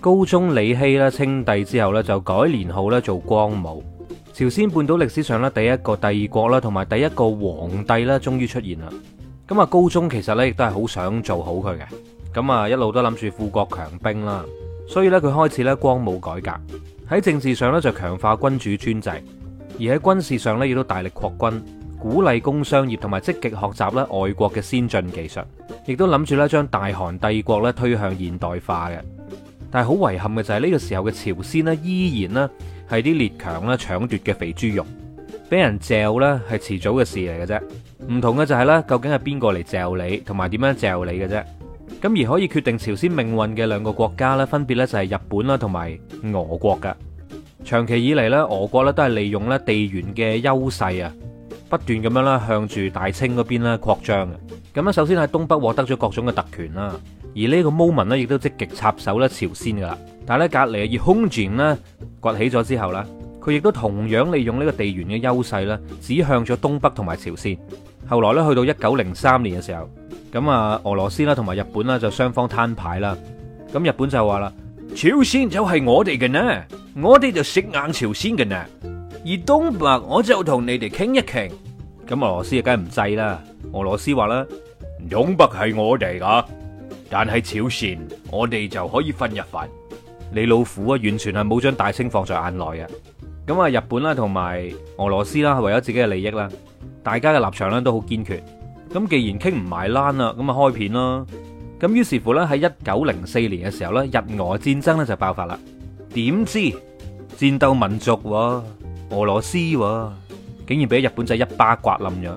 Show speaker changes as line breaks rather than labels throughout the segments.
高宗李熙咧，稱帝之後咧，就改年號咧做光武。朝鮮半島歷史上咧，第一個帝國咧，同埋第一個皇帝咧，終於出現啦。咁啊，高宗其實咧亦都係好想做好佢嘅，咁啊一路都諗住富國強兵啦。所以咧，佢開始咧光武改革，喺政治上咧就強化君主專制，而喺軍事上咧亦都大力擴軍，鼓勵工商業，同埋積極學習咧外國嘅先進技術，亦都諗住咧將大韓帝國咧推向現代化嘅。但係好遺憾嘅就係呢個時候嘅朝鮮咧依然咧係啲列強咧搶奪嘅肥豬肉，俾人嚼咧係遲早嘅事嚟嘅啫。唔同嘅就係咧究竟係邊個嚟嚼你，同埋點樣嚼你嘅啫。咁而可以決定朝鮮命運嘅兩個國家咧分別咧就係日本啦同埋俄國噶。長期以嚟咧，俄國咧都係利用咧地緣嘅優勢啊，不斷咁樣咧向住大清嗰邊咧擴張嘅。咁首先喺東北獲得咗各種嘅特權啦。而呢個 moment 呢，亦都積極插手咧朝鮮噶啦。但係咧隔籬啊，而空前崛起咗之後呢，佢亦都同樣利用呢個地緣嘅優勢咧，指向咗東北同埋朝鮮。後來咧去到一九零三年嘅時候，咁啊俄羅斯啦同埋日本呢，就雙方攤牌啦。咁日本就話啦，說朝鮮就係我哋嘅呢，我哋就食硬朝鮮嘅呢。而東北我就同你哋傾一傾。咁俄羅斯梗係唔制啦。俄羅斯話啦，東北係我哋噶。但係朝鮮，我哋就可以分一份。李老虎啊，完全係冇將大清放在眼內啊！咁啊，日本啦，同埋俄羅斯啦，為咗自己嘅利益啦，大家嘅立場咧，都好堅決。咁既然傾唔埋欄啦，咁啊開片啦。咁於是乎咧，喺一九零四年嘅時候咧，日俄戰爭咧就爆發啦。點知戰鬥民族俄羅斯竟然俾日本仔一巴摑冧咗。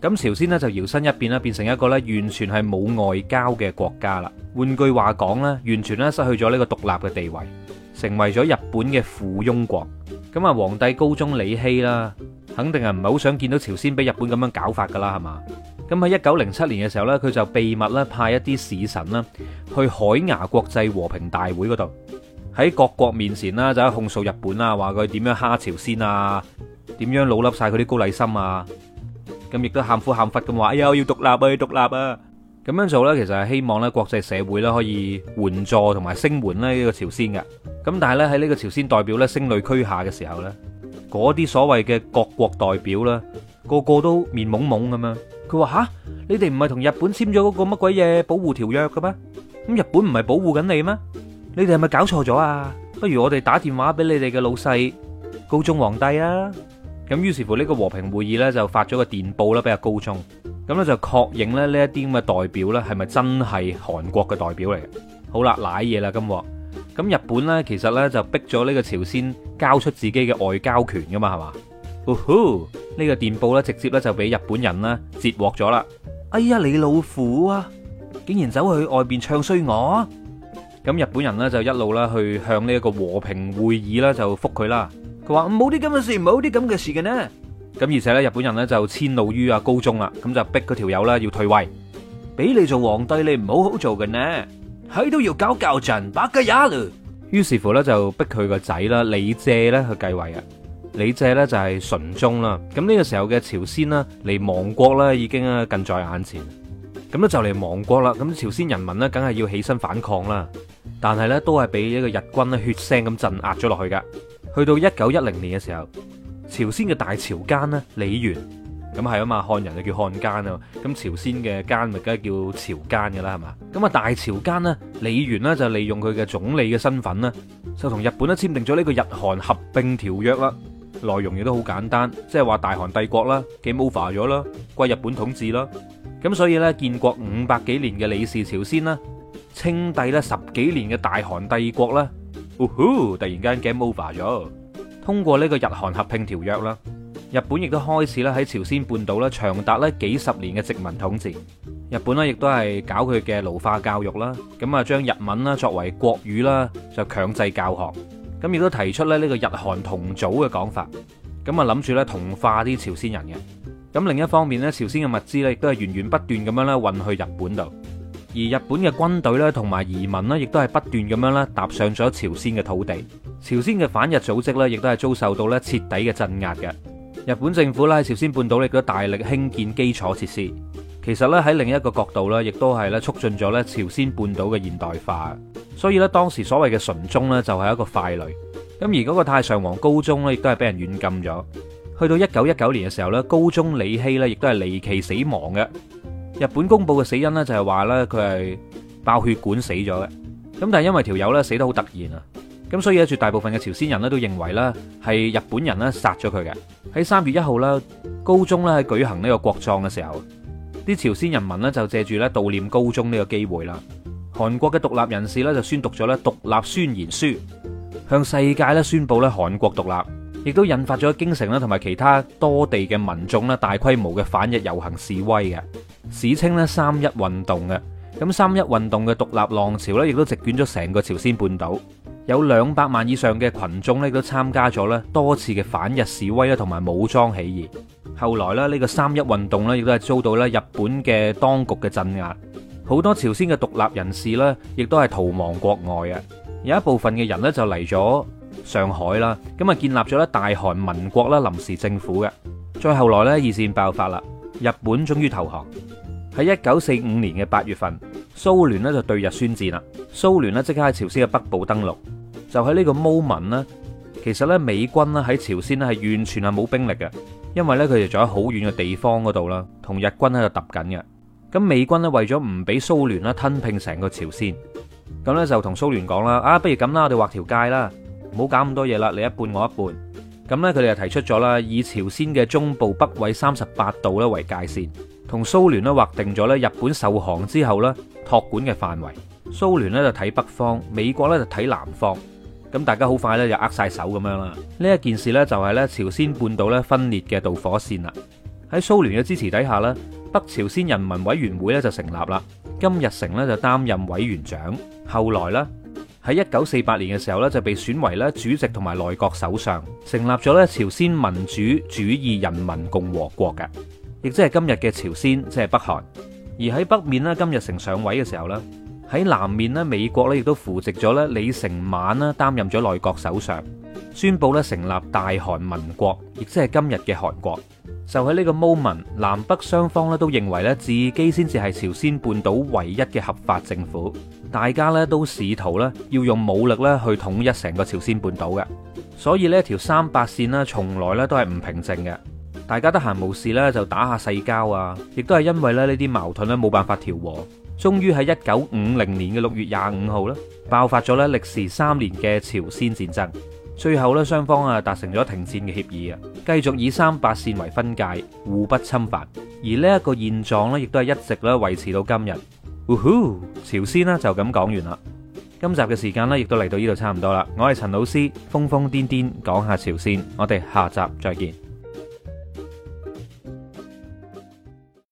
咁朝鮮呢，就搖身一變咧，變成一個咧完全係冇外交嘅國家啦。換句話講咧，完全咧失去咗呢個獨立嘅地位，成為咗日本嘅附庸國。咁啊，皇帝高宗李熙啦，肯定係唔係好想見到朝鮮俾日本咁樣搞法噶啦，係嘛？咁喺一九零七年嘅時候呢，佢就秘密咧派一啲使臣啦去海牙國際和平大會嗰度，喺各國面前啦就控訴日本啊，話佢點樣蝦朝鮮啊，點樣老笠晒佢啲高麗參啊。咁亦都喊苦喊忽咁話，哎呀，要獨立啊，要獨立啊！咁樣做咧，其實係希望咧，國際社會咧可以援助同埋聲援咧呢個朝鮮噶。咁但係咧，喺呢個朝鮮代表咧聲淚俱下嘅時候咧，嗰啲所謂嘅各國代表啦，個個都面懵懵咁樣。佢話吓，你哋唔係同日本簽咗嗰個乜鬼嘢，保護條約噶咩？咁日本唔係保護緊你咩？你哋係咪搞錯咗啊？不如我哋打電話俾你哋嘅老細，高宗皇帝啊！咁於是乎呢個和平會議咧就發咗個電報呢比較高宗，咁咧就確認咧呢一啲咁嘅代表咧係咪真係韓國嘅代表嚟嘅？好啦，瀨嘢啦，今鑊，咁日本咧其實咧就逼咗呢個朝鮮交出自己嘅外交權噶嘛係嘛？哇呼！呢、uh huh, 個電報咧直接咧就俾日本人呢截獲咗啦。哎呀，你老虎啊，竟然走去外面唱衰我！咁日本人呢，就一路咧去向呢一個和平會議咧就覆佢啦。佢話冇啲咁嘅事，冇啲咁嘅事嘅呢。咁而且咧，日本人呢，就遷怒於阿高宗啦，咁就逼嗰條友啦要退位，俾你做皇帝，你唔好好做嘅呢，喺度要搞搞陣，八吉雅嘞。於是乎呢，就逼佢個仔啦李謝呢咧去繼位啊。李謝呢就係純宗啦。咁呢個時候嘅朝鮮啦，嚟亡國啦，已經啊近在眼前。咁就嚟亡國啦。咁朝鮮人民呢，梗係要起身反抗啦。但係咧都係俾一個日軍血腥咁鎮壓咗落去噶。去到一九一零年嘅時候，朝鮮嘅大朝奸呢，李元咁係啊嘛，漢人就叫漢奸啊。咁朝鮮嘅奸，咪梗係叫朝奸嘅啦，係嘛？咁啊，大朝奸呢，李元呢，就利用佢嘅總理嘅身份咧，就同日本呢簽訂咗呢個日韓合併條約啦。內容亦都好簡單，即係話大韓帝國啦，被 over 咗啦，歸日本統治啦。咁所以呢，建國五百幾年嘅李氏朝鮮啦，稱帝呢，十幾年嘅大韓帝國啦。哦、突然間 game over 咗，通過呢個日韓合併條約啦，日本亦都開始咧喺朝鮮半島咧長達咧幾十年嘅殖民統治。日本咧亦都係搞佢嘅奴化教育啦，咁啊將日文啦作為國語啦就強制教學，咁亦都提出咧呢個日韓同祖嘅講法，咁啊諗住咧同化啲朝鮮人嘅。咁另一方面咧，朝鮮嘅物資咧亦都係源源不斷咁樣咧運去日本度。而日本嘅軍隊咧，同埋移民咧，亦都係不斷咁樣咧，踏上咗朝鮮嘅土地。朝鮮嘅反日組織咧，亦都係遭受到咧徹底嘅鎮壓嘅。日本政府咧喺朝鮮半島亦都大力興建基礎設施。其實咧喺另一個角度咧，亦都係咧促進咗咧朝鮮半島嘅現代化。所以咧，當時所謂嘅純宗咧，就係一個傀儡。咁而嗰個太上皇高宗咧，亦都係俾人軟禁咗。去到一九一九年嘅時候咧，高宗李熙咧，亦都係離奇死亡嘅。日本公布嘅死因呢，就係話呢，佢係爆血管死咗嘅。咁但係因為條友呢，死得好突然啊，咁所以咧，絕大部分嘅朝鮮人呢，都認為呢係日本人呢殺咗佢嘅。喺三月一號呢，高宗呢，喺舉行呢個國葬嘅時候，啲朝鮮人民呢，就借住呢悼念高宗呢個機會啦，韓國嘅獨立人士呢，就宣讀咗呢獨立宣言書，向世界咧宣布咧韓國獨立，亦都引發咗京城啦同埋其他多地嘅民眾呢大規模嘅反日遊行示威嘅。史稱咧三一運動嘅。咁三一運動嘅獨立浪潮咧，亦都席捲咗成個朝鮮半島，有兩百萬以上嘅群眾呢，都參加咗咧多次嘅反日示威啦，同埋武裝起義。後來咧呢個三一運動呢，亦都係遭到咧日本嘅當局嘅鎮壓，好多朝鮮嘅獨立人士呢，亦都係逃亡國外啊。有一部分嘅人呢，就嚟咗上海啦，咁啊建立咗咧大韓民國啦臨時政府嘅。再後來咧二戰爆發啦，日本終於投降。喺一九四五年嘅八月份，蘇聯咧就對日宣戰啦。蘇聯咧即刻喺朝鮮嘅北部登陸，就喺呢個 moment 咧。其實呢，美軍咧喺朝鮮咧係完全係冇兵力嘅，因為呢，佢哋仲喺好遠嘅地方嗰度啦，同日軍喺度揼緊嘅。咁美軍咧為咗唔俾蘇聯咧吞併成個朝鮮，咁呢就同蘇聯講啦：啊，不如咁啦，我哋劃條界啦，唔好搞咁多嘢啦，你一半我一半。咁呢，佢哋就提出咗啦，以朝鮮嘅中部北緯三十八度咧為界線。同蘇聯咧劃定咗咧，日本受降之後咧託管嘅範圍，蘇聯咧就睇北方，美國咧就睇南方，咁大家好快咧就握晒手咁樣啦。呢一件事咧就係咧朝鮮半島咧分裂嘅導火線啦。喺蘇聯嘅支持底下咧，北朝鮮人民委員會咧就成立啦。金日成咧就擔任委員長，後來咧喺一九四八年嘅時候咧就被選為咧主席同埋內閣首相，成立咗咧朝鮮民主主義人民共和國嘅。亦即係今日嘅朝鮮，即係北韓。而喺北面呢，金日成上位嘅時候呢，喺南面呢，美國呢亦都扶植咗咧李承晚呢，擔任咗內閣首相，宣佈咧成立大韓民國，亦即係今日嘅韓國。就喺呢個 moment，南北雙方咧，都認為咧自己先至係朝鮮半島唯一嘅合法政府。大家咧都試圖咧要用武力咧去統一成個朝鮮半島嘅，所以呢一條三八線呢，從來咧都係唔平靜嘅。大家得閒無事啦，就打下世交啊！亦都係因為咧呢啲矛盾咧冇辦法調和，終於喺一九五零年嘅六月廿五號啦，爆發咗咧歷時三年嘅朝鮮戰爭。最後咧雙方啊達成咗停戰嘅協議啊，繼續以三八線為分界，互不侵犯。而呢一個現狀咧，亦都係一直咧維持到今日。嗚呼，朝鮮呢就咁講完啦。今集嘅時間呢，亦都嚟到呢度差唔多啦。我係陳老師，瘋瘋癲癲講下朝鮮，我哋下集再見。